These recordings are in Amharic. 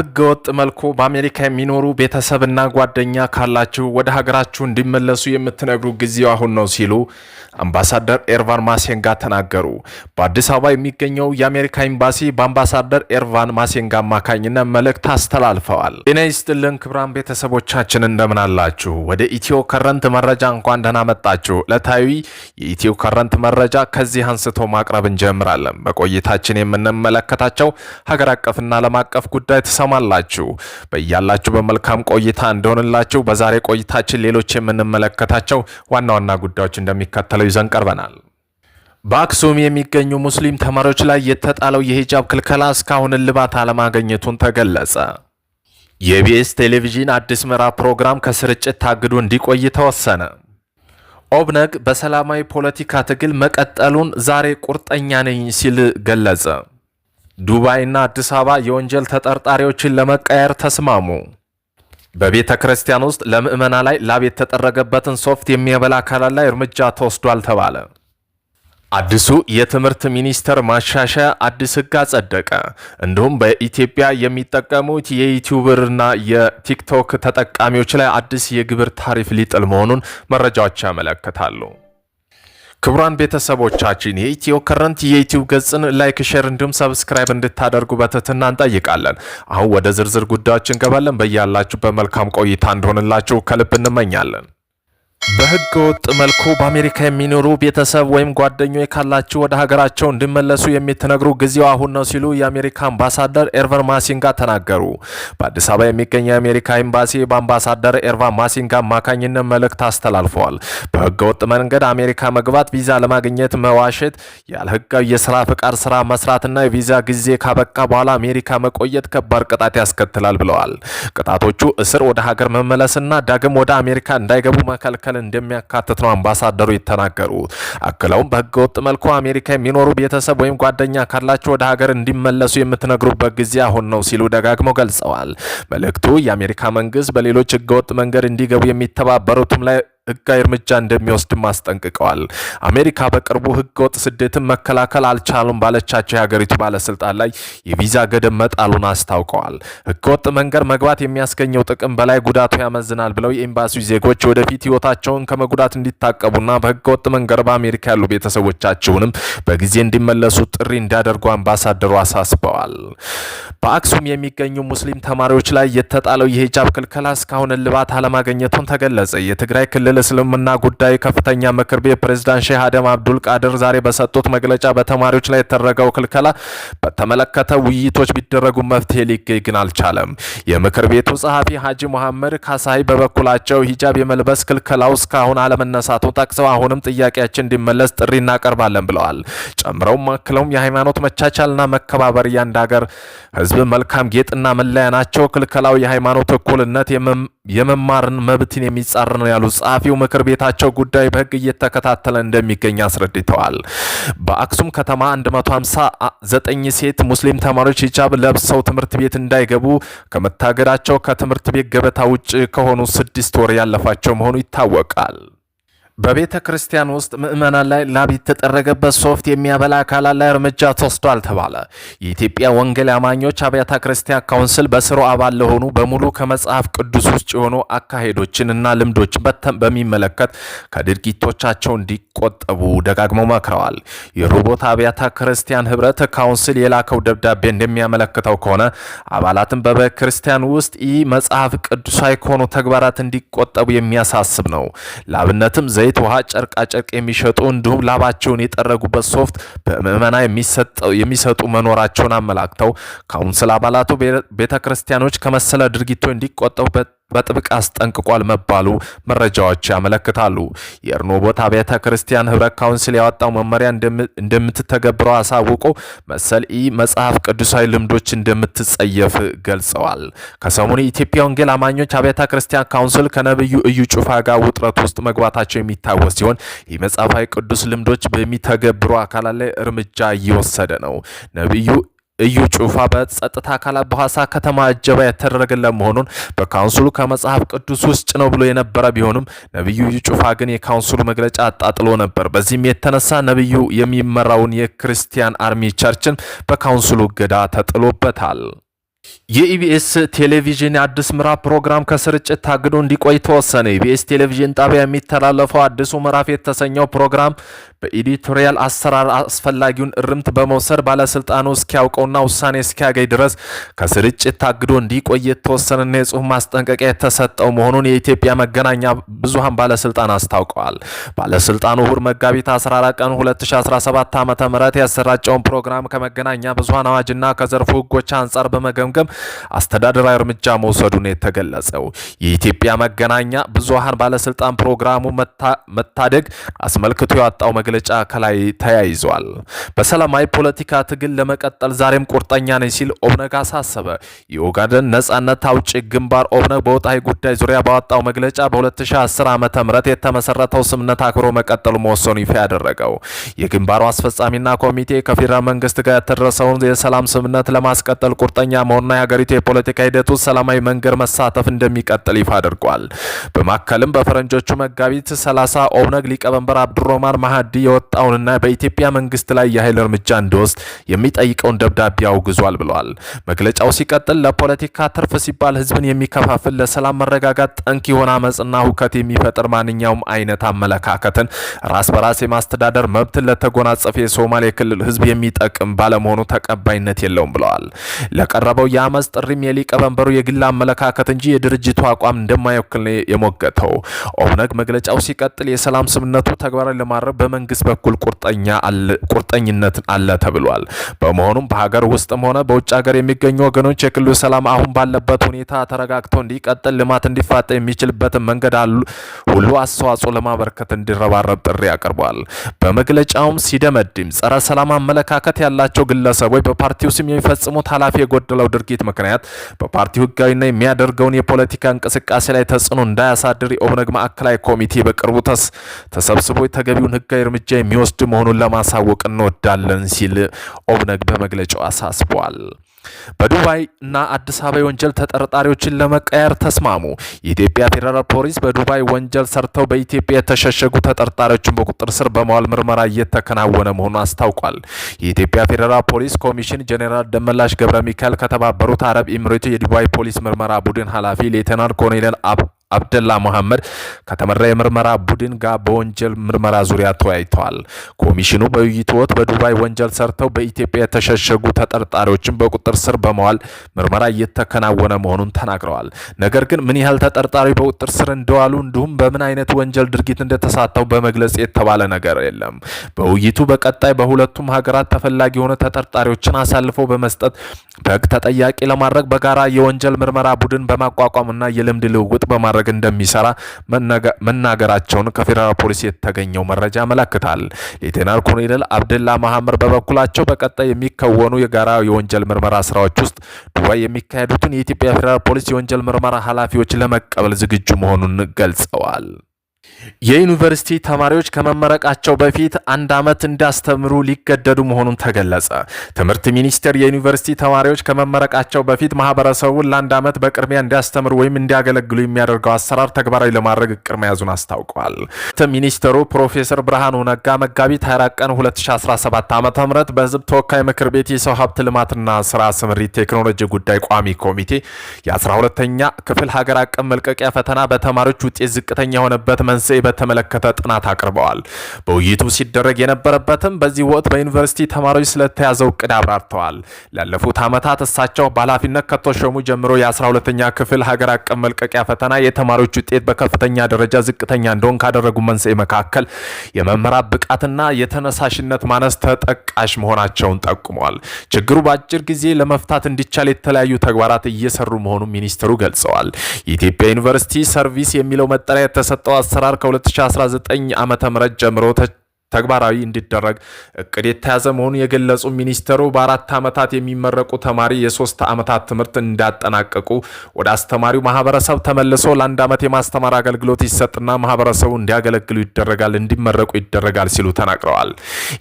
a በህገወጥ መልኩ በአሜሪካ የሚኖሩ ቤተሰብና ጓደኛ ካላችሁ ወደ ሀገራችሁ እንዲመለሱ የምትነግሩ ጊዜው አሁን ነው ሲሉ አምባሳደር ኤርቫን ማሴንጋ ተናገሩ። በአዲስ አበባ የሚገኘው የአሜሪካ ኤምባሲ በአምባሳደር ኤርቫን ማሴንጋ አማካኝነት መልእክት አስተላልፈዋል። ጤና ይስጥልን ቤተሰቦቻችን እንደምን አላችሁ? ወደ ኢትዮ ከረንት መረጃ እንኳን ደህና መጣችሁ። ዕለታዊ የኢትዮ ከረንት መረጃ ከዚህ አንስቶ ማቅረብ እንጀምራለን። በቆይታችን የምንመለከታቸው ሀገር አቀፍና ዓለም አቀፍ ጉዳይ ተሰማል ትችላላችሁ። በያላችሁ በመልካም ቆይታ እንደሆንላችሁ በዛሬ ቆይታችን ሌሎች የምንመለከታቸው ዋና ዋና ጉዳዮች እንደሚከተለው ይዘን ቀርበናል። በአክሱም የሚገኙ ሙስሊም ተማሪዎች ላይ የተጣለው የሂጃብ ክልከላ እስካሁን እልባት አለማገኘቱን ተገለጸ። የኢቢኤስ ቴሌቪዥን አዲስ ምዕራብ ፕሮግራም ከስርጭት ታግዶ እንዲቆይ ተወሰነ። ኦብነግ በሰላማዊ ፖለቲካ ትግል መቀጠሉን ዛሬ ቁርጠኛ ነኝ ሲል ገለጸ። ዱባይና አዲስ አበባ የወንጀል ተጠርጣሪዎችን ለመቀየር ተስማሙ። በቤተ ክርስቲያን ውስጥ ለምዕመና ላይ ላብ የተጠረገበትን ሶፍት የሚያበላ አካላት ላይ እርምጃ ተወስዷል ተባለ። አዲሱ የትምህርት ሚኒስቴር ማሻሻያ አዲስ ሕግ አጸደቀ። እንዲሁም በኢትዮጵያ የሚጠቀሙት የዩቲዩብርና የቲክቶክ ተጠቃሚዎች ላይ አዲስ የግብር ታሪፍ ሊጥል መሆኑን መረጃዎች ያመለክታሉ። ክቡራን ቤተሰቦቻችን የኢትዮ ከረንት የዩቲዩብ ገጽን ላይክ፣ ሼር እንዲሁም ሰብስክራይብ እንድታደርጉ በትህትና እንጠይቃለን። አሁን ወደ ዝርዝር ጉዳዮች እንገባለን። በያላችሁ በመልካም ቆይታ እንደሆንላችሁ ከልብ እንመኛለን። በህገ ወጥ መልኩ በአሜሪካ የሚኖሩ ቤተሰብ ወይም ጓደኞች ካላቸው ወደ ሀገራቸው እንዲመለሱ የምትነግሩ ጊዜው አሁን ነው ሲሉ የአሜሪካ አምባሳደር ኤርቨን ማሲንጋ ተናገሩ። በአዲስ አበባ የሚገኝ የአሜሪካ ኤምባሲ በአምባሳደር ኤርቫን ማሲንጋ አማካኝነት መልእክት አስተላልፈዋል። በህገ ወጥ መንገድ አሜሪካ መግባት፣ ቪዛ ለማግኘት መዋሸት፣ ህጋዊ የስራ ፍቃድ ስራ መስራትና የቪዛ ጊዜ ካበቃ በኋላ አሜሪካ መቆየት ከባድ ቅጣት ያስከትላል ብለዋል። ቅጣቶቹ እስር፣ ወደ ሀገር መመለስና ዳግም ወደ አሜሪካ እንዳይገቡ መከልከል ማዕከል እንደሚያካትት ነው አምባሳደሩ የተናገሩት። አክለውም በህገወጥ መልኩ አሜሪካ የሚኖሩ ቤተሰብ ወይም ጓደኛ ካላቸው ወደ ሀገር እንዲመለሱ የምትነግሩበት ጊዜ አሁን ነው ሲሉ ደጋግመው ገልጸዋል። መልእክቱ የአሜሪካ መንግስት በሌሎች ህገወጥ መንገድ እንዲገቡ የሚተባበሩትም ላይ ህጋዊ እርምጃ እንደሚወስድም አስጠንቅቀዋል። አሜሪካ በቅርቡ ህገወጥ ስደትን መከላከል አልቻሉም ባለቻቸው የሀገሪቱ ባለስልጣን ላይ የቪዛ ገደብ መጣሉን አስታውቀዋል። ህገወጥ መንገድ መግባት የሚያስገኘው ጥቅም በላይ ጉዳቱ ያመዝናል ብለው የኤምባሲው ዜጎች ወደፊት ህይወታቸውን ከመጉዳት እንዲታቀቡና በህገወጥ መንገድ በአሜሪካ ያሉ ቤተሰቦቻቸውንም በጊዜ እንዲመለሱ ጥሪ እንዲያደርጉ አምባሳደሩ አሳስበዋል። በአክሱም የሚገኙ ሙስሊም ተማሪዎች ላይ የተጣለው የሂጃብ ክልከላ እስካሁን እልባት አለማግኘቱን ተገለጸ። የትግራይ ክልል እስልምና ጉዳይ ከፍተኛ ምክር ቤት ፕሬዝዳንት ሼህ አደም አብዱል ቃድር ዛሬ በሰጡት መግለጫ በተማሪዎች ላይ የተደረገው ክልከላ በተመለከተ ውይይቶች ቢደረጉ መፍትሄ ሊገኝ ግን አልቻለም። የምክር ቤቱ ጸሐፊ ሀጂ መሐመድ ካሳይ በበኩላቸው ሂጃብ የመልበስ ክልከላው እስካሁን አለመነሳቱን ጠቅሰው አሁንም ጥያቄያችን እንዲመለስ ጥሪ እናቀርባለን ብለዋል። ጨምረውም አክለውም የሃይማኖት መቻቻልና መከባበር እያንድ ሀገር ህዝብ መልካም ጌጥና መለያ ናቸው። ክልከላው የሃይማኖት እኩልነት፣ የመማርን መብትን የሚጻረር ነው ያሉት ጸሐፊ ፓርቲው ምክር ቤታቸው ጉዳይ በሕግ እየተከታተለ እንደሚገኝ አስረድተዋል። በአክሱም ከተማ 159 ሴት ሙስሊም ተማሪዎች ሂጃብ ለብሰው ትምህርት ቤት እንዳይገቡ ከመታገዳቸው ከትምህርት ቤት ገበታ ውጭ ከሆኑ ስድስት ወር ያለፋቸው መሆኑ ይታወቃል። በቤተ ክርስቲያን ውስጥ ምዕመናን ላይ ላብ የተጠረገበት ሶፍት የሚያበላ አካላት ላይ እርምጃ ተወስዷል ተባለ። የኢትዮጵያ ወንጌል አማኞች አብያተ ክርስቲያን ካውንስል በስሩ አባል ለሆኑ በሙሉ ከመጽሐፍ ቅዱስ ውጭ የሆኑ አካሄዶችን እና ልምዶች በሚመለከት ከድርጊቶቻቸው እንዲቆጠቡ ደጋግመው መክረዋል። የሮቦት አብያተ ክርስቲያን ህብረት ካውንስል የላከው ደብዳቤ እንደሚያመለክተው ከሆነ አባላትን በቤተ ክርስቲያን ውስጥ ይህ መጽሐፍ ቅዱሳዊ ከሆኑ ተግባራት እንዲቆጠቡ የሚያሳስብ ነው። ለአብነትም ዘይ ዘይት፣ ውሃ፣ ጨርቃጨርቅ የሚሸጡ እንዲሁም ላባቸውን የጠረጉበት ሶፍት በምዕመና የሚሰጡ መኖራቸውን አመላክተው ካውንስል አባላቱ ቤተ ክርስቲያኖች ከመሰለ ድርጊቶ እንዲቆጠቡበት በጥብቅ አስጠንቅቋል መባሉ መረጃዎች ያመለክታሉ። ቦታ አብያተ ክርስቲያን ህብረት ካውንስል ያወጣው መመሪያ እንደምትተገብረው አሳውቆ መሰል ኢ መጽሐፍ ቅዱሳዊ ልምዶች እንደምትጸየፍ ገልጸዋል። ከሰሞኑ የኢትዮጵያ ወንጌል አማኞች አብያተ ክርስቲያን ካውንስል ከነብዩ እዩ ጩፋ ጋር ውጥረት ውስጥ መግባታቸው የሚታወስ ሲሆን የመጽሐፋዊ ቅዱስ ልምዶች በሚተገብሩ አካላት ላይ እርምጃ እየወሰደ ነው። ነብዩ እዩ ጩፋ በጸጥታ አካላት በሐዋሳ ከተማ እጀባ የተደረገለት መሆኑን በካውንስሉ ከመጽሐፍ ቅዱስ ውስጥ ነው ብሎ የነበረ ቢሆንም ነቢዩ እዩ ጩፋ ግን የካውንስሉ መግለጫ አጣጥሎ ነበር። በዚህም የተነሳ ነቢዩ የሚመራውን የክርስቲያን አርሚ ቸርችን በካውንስሉ እገዳ ተጥሎበታል። የኢቢኤስ ቴሌቪዥን የአዲስ ምዕራፍ ፕሮግራም ከስርጭት ታግዶ እንዲቆይ ተወሰነ። ኢቢኤስ ቴሌቪዥን ጣቢያ የሚተላለፈው አዲሱ ምዕራፍ የተሰኘው ፕሮግራም በኤዲቶሪያል አሰራር አስፈላጊውን እርምት በመውሰድ ባለስልጣኑ እስኪያውቀውና ውሳኔ እስኪያገኝ ድረስ ከስርጭት ታግዶ እንዲቆይ የተወሰነና የጽሁፍ ማስጠንቀቂያ የተሰጠው መሆኑን የኢትዮጵያ መገናኛ ብዙሃን ባለስልጣን አስታውቀዋል። ባለስልጣኑ እሁድ መጋቢት 14 ቀን 2017 ዓ ም ያሰራጨውን ፕሮግራም ከመገናኛ ብዙሃን አዋጅና ከዘርፉ ህጎች አንጻር በመገምገም በመገምገም አስተዳደራዊ እርምጃ መውሰዱን የተገለጸው የኢትዮጵያ መገናኛ ብዙሃን ባለስልጣን ፕሮግራሙ መታደግ አስመልክቶ ያወጣው መግለጫ ከላይ ተያይዟል። በሰላማዊ ፖለቲካ ትግል ለመቀጠል ዛሬም ቁርጠኛ ነኝ ሲል ኦብነግ አሳሰበ። የኦጋደን ነጻነት አውጪ ግንባር ኦብነግ በወጣይ ጉዳይ ዙሪያ ባወጣው መግለጫ በ2010 ዓ ም የተመሰረተው ስምነት አክብሮ መቀጠሉ መወሰኑ ይፋ ያደረገው የግንባሩ አስፈጻሚና ኮሚቴ ከፌዴራል መንግስት ጋር የተደረሰውን የሰላም ስምነት ለማስቀጠል ቁርጠኛ መሆኑን የሀገሪቱና የሀገሪቱ የፖለቲካ ሂደቱ ሰላማዊ መንገድ መሳተፍ እንደሚቀጥል ይፋ አድርጓል። በማከልም በፈረንጆቹ መጋቢት 30 ኦብነግ ሊቀመንበር አብዱሮማን ማሀዲ የወጣውንና በኢትዮጵያ መንግስት ላይ የኃይል እርምጃ እንዲወስድ የሚጠይቀውን ደብዳቤ አውግዟል ብለዋል። መግለጫው ሲቀጥል ለፖለቲካ ትርፍ ሲባል ህዝብን የሚከፋፍል ለሰላም መረጋጋት ጠንክ የሆነ አመፅና ሁከት የሚፈጥር ማንኛውም አይነት አመለካከትን ራስ በራስ የማስተዳደር መብትን ለተጎናጸፈ የሶማሌ ክልል ህዝብ የሚጠቅም ባለመሆኑ ተቀባይነት የለውም ብለዋል። ለቀረበው የአመፅ ጥሪም የሊቀመንበሩ የግል አመለካከት እንጂ የድርጅቱ አቋም እንደማይወክል ነው የሞገተው። ኦብነግ መግለጫው ሲቀጥል የሰላም ስምነቱ ተግባራዊ ለማድረግ በመንግስት በኩል ቁርጠኝነት አለ ተብሏል። በመሆኑም በሀገር ውስጥም ሆነ በውጭ ሀገር የሚገኙ ወገኖች የክልሉ ሰላም አሁን ባለበት ሁኔታ ተረጋግቶ እንዲቀጥል፣ ልማት እንዲፋጠን የሚችልበትን መንገድ ሁሉ አስተዋጽኦ ለማበረከት እንዲረባረብ ጥሪ አቅርቧል። በመግለጫውም ሲደመድም ጸረ ሰላም አመለካከት ያላቸው ግለሰቦች በፓርቲው ስም የሚፈጽሙት ኃላፊ የጎደለው ድርጊት ምክንያት በፓርቲው ህጋዊና የሚያደርገውን የፖለቲካ እንቅስቃሴ ላይ ተጽዕኖ እንዳያሳድር የኦብነግ ማዕከላዊ ኮሚቴ በቅርቡ ተሰብስቦ የተገቢውን ህጋዊ እርምጃ የሚወስድ መሆኑን ለማሳወቅ እንወዳለን ሲል ኦብነግ በመግለጫው አሳስቧል። በዱባይ እና አዲስ አበባ የወንጀል ተጠርጣሪዎችን ለመቀየር ተስማሙ። የኢትዮጵያ ፌዴራል ፖሊስ በዱባይ ወንጀል ሰርተው በኢትዮጵያ የተሸሸጉ ተጠርጣሪዎችን በቁጥጥር ስር በመዋል ምርመራ እየተከናወነ መሆኑን አስታውቋል። የኢትዮጵያ ፌዴራል ፖሊስ ኮሚሽን ጄኔራል ደመላሽ ገብረ ሚካኤል ከተባበሩት አረብ ኤምሬቶች የዱባይ ፖሊስ ምርመራ ቡድን ኃላፊ ሌተናል ኮሎኔል አብ አብደላ መሐመድ ከተመራ የምርመራ ቡድን ጋር በወንጀል ምርመራ ዙሪያ ተወያይተዋል። ኮሚሽኑ በውይይቱ ወቅት በዱባይ ወንጀል ሰርተው በኢትዮጵያ የተሸሸጉ ተጠርጣሪዎችን በቁጥር ስር በመዋል ምርመራ እየተከናወነ መሆኑን ተናግረዋል። ነገር ግን ምን ያህል ተጠርጣሪ በቁጥር ስር እንደዋሉ እንዲሁም በምን አይነት ወንጀል ድርጊት እንደተሳተው በመግለጽ የተባለ ነገር የለም። በውይይቱ በቀጣይ በሁለቱም ሀገራት ተፈላጊ የሆነ ተጠርጣሪዎችን አሳልፈው በመስጠት በሕግ ተጠያቂ ለማድረግ በጋራ የወንጀል ምርመራ ቡድን በማቋቋምና የልምድ ልውውጥ በማድረግ ለማድረግ እንደሚሰራ መናገራቸውን ከፌዴራል ፖሊስ የተገኘው መረጃ ያመለክታል። ሌተናል ኮሎኔል አብደላ መሐመድ በበኩላቸው በቀጣይ የሚከወኑ የጋራ የወንጀል ምርመራ ስራዎች ውስጥ ዱባይ የሚካሄዱትን የኢትዮጵያ ፌዴራል ፖሊስ የወንጀል ምርመራ ኃላፊዎች ለመቀበል ዝግጁ መሆኑን ገልጸዋል። የዩኒቨርሲቲ ተማሪዎች ከመመረቃቸው በፊት አንድ ዓመት እንዲያስተምሩ ሊገደዱ መሆኑን ተገለጸ። ትምህርት ሚኒስቴር የዩኒቨርሲቲ ተማሪዎች ከመመረቃቸው በፊት ማህበረሰቡን ለአንድ ዓመት በቅድሚያ እንዲያስተምሩ ወይም እንዲያገለግሉ የሚያደርገው አሰራር ተግባራዊ ለማድረግ እቅድ መያዙን አስታውቋል። ትምህርት ሚኒስትሩ ፕሮፌሰር ብርሃኑ ነጋ መጋቢት 24 ቀን 2017 ዓ ም በህዝብ ተወካይ ምክር ቤት የሰው ሀብት ልማትና ስራ ስምሪት ቴክኖሎጂ ጉዳይ ቋሚ ኮሚቴ የ12ኛ ክፍል ሀገር አቀፍ መልቀቂያ ፈተና በተማሪዎች ውጤት ዝቅተኛ የሆነበት መንስኤ በተመለከተ ጥናት አቅርበዋል። በውይይቱ ሲደረግ የነበረበትም በዚህ ወቅት በዩኒቨርሲቲ ተማሪዎች ስለተያዘው እቅድ አብራርተዋል። ላለፉት ዓመታት እሳቸው በኃላፊነት ከተሾሙ ጀምሮ የ12ኛ ክፍል ሀገር አቀፍ መልቀቂያ ፈተና የተማሪዎች ውጤት በከፍተኛ ደረጃ ዝቅተኛ እንደሆን ካደረጉ መንስኤ መካከል የመምህራን ብቃትና የተነሳሽነት ማነስ ተጠቃሽ መሆናቸውን ጠቁመዋል። ችግሩ በአጭር ጊዜ ለመፍታት እንዲቻል የተለያዩ ተግባራት እየሰሩ መሆኑን ሚኒስትሩ ገልጸዋል። የኢትዮጵያ ዩኒቨርሲቲ ሰርቪስ የሚለው መጠሪያ የተሰጠው አሰራር ከ2019 ዓ ም ጀምሮ ተግባራዊ እንዲደረግ እቅድ የተያዘ መሆኑ የገለጹ ሚኒስተሩ በአራት ዓመታት የሚመረቁ ተማሪ የሶስት ዓመታት ትምህርት እንዳጠናቀቁ ወደ አስተማሪው ማህበረሰብ ተመልሶ ለአንድ ዓመት የማስተማር አገልግሎት ይሰጥና ማህበረሰቡ እንዲያገለግሉ ይደረጋል፣ እንዲመረቁ ይደረጋል ሲሉ ተናግረዋል።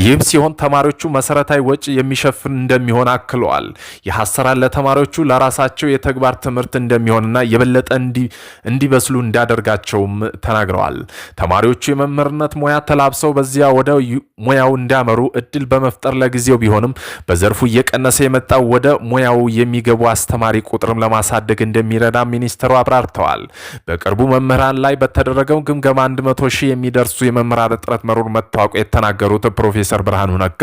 ይህም ሲሆን ተማሪዎቹ መሰረታዊ ወጪ የሚሸፍን እንደሚሆን አክለዋል። ይህ አሰራር ለተማሪዎቹ ለራሳቸው የተግባር ትምህርት እንደሚሆንና የበለጠ እንዲበስሉ እንዲያደርጋቸውም ተናግረዋል። ተማሪዎቹ የመምህርነት ሙያ ተላብሰው በዚያ ወደ ሙያው እንዲያመሩ እድል በመፍጠር ለጊዜው ቢሆንም በዘርፉ እየቀነሰ የመጣው ወደ ሙያው የሚገቡ አስተማሪ ቁጥርም ለማሳደግ እንደሚረዳ ሚኒስትሩ አብራርተዋል። በቅርቡ መምህራን ላይ በተደረገው ግምገማ 100 ሺህ የሚደርሱ የመምህራን እጥረት መኖሩን መታወቁ የተናገሩት ፕሮፌሰር ብርሃኑ ነጋ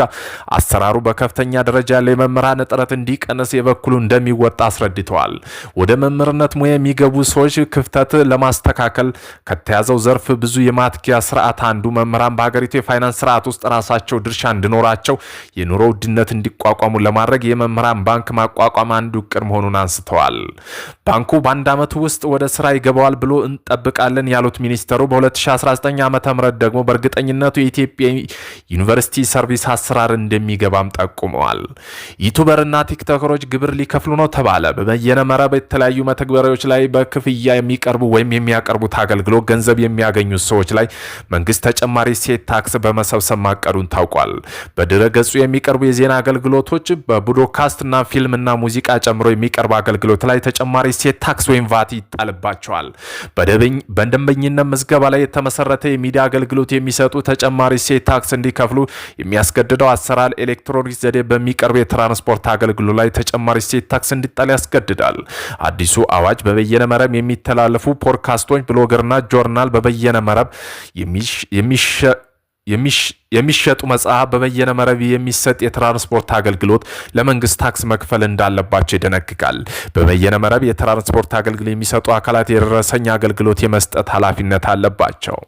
አሰራሩ በከፍተኛ ደረጃ ያለው የመምህራን እጥረት እንዲቀንስ የበኩሉ እንደሚወጣ አስረድተዋል። ወደ መምህርነት ሙያ የሚገቡ ሰዎች ክፍተት ለማስተካከል ከተያዘው ዘርፍ ብዙ የማትኪያ ስርዓት አንዱ መምህራን በሀገሪቱ የፋይናንስ የፋይናንስ ስርዓት ውስጥ ራሳቸው ድርሻ እንዲኖራቸው የኑሮ ውድነት እንዲቋቋሙ ለማድረግ የመምህራን ባንክ ማቋቋም አንዱ እቅድ መሆኑን አንስተዋል። ባንኩ በአንድ ዓመት ውስጥ ወደ ስራ ይገባዋል ብሎ እንጠብቃለን ያሉት ሚኒስተሩ በ2019 ዓ ም ደግሞ በእርግጠኝነቱ የኢትዮጵያ ዩኒቨርሲቲ ሰርቪስ አሰራር እንደሚገባም ጠቁመዋል። ዩቱበርና ቲክቶከሮች ግብር ሊከፍሉ ነው ተባለ። በበየነ መረብ የተለያዩ መተግበሪያዎች ላይ በክፍያ የሚቀርቡ ወይም የሚያቀርቡት አገልግሎት ገንዘብ የሚያገኙ ሰዎች ላይ መንግስት ተጨማሪ ሴት ታክስ በመሰብሰብ ማቀዱን ታውቋል። በድረ ገጹ የሚቀርቡ የዜና አገልግሎቶች ፊልም ፊልምና ሙዚቃ ጨምሮ የሚቀርቡ አገልግሎት ላይ ተጨማሪ እሴት ታክስ ወይም ቫት ይጣልባቸዋል። በደንበኝነት ምዝገባ ላይ የተመሰረተ የሚዲያ አገልግሎት የሚሰጡ ተጨማሪ እሴት ታክስ እንዲከፍሉ የሚያስገድደው አሰራር ኤሌክትሮኒክስ ዘዴ በሚቀርቡ የትራንስፖርት አገልግሎት ላይ ተጨማሪ እሴት ታክስ እንዲጣል ያስገድዳል። አዲሱ አዋጅ በበየነ መረብ የሚተላለፉ ፖድካስቶች፣ ብሎገርና ጆርናል በበየነ መረብ የሚሸጡ መጽሐፍ በበየነ መረብ የሚሰጥ የትራንስፖርት አገልግሎት ለመንግስት ታክስ መክፈል እንዳለባቸው ይደነግጋል። በበየነ መረብ የትራንስፖርት አገልግሎት የሚሰጡ አካላት የደረሰኝ አገልግሎት የመስጠት ኃላፊነት አለባቸው።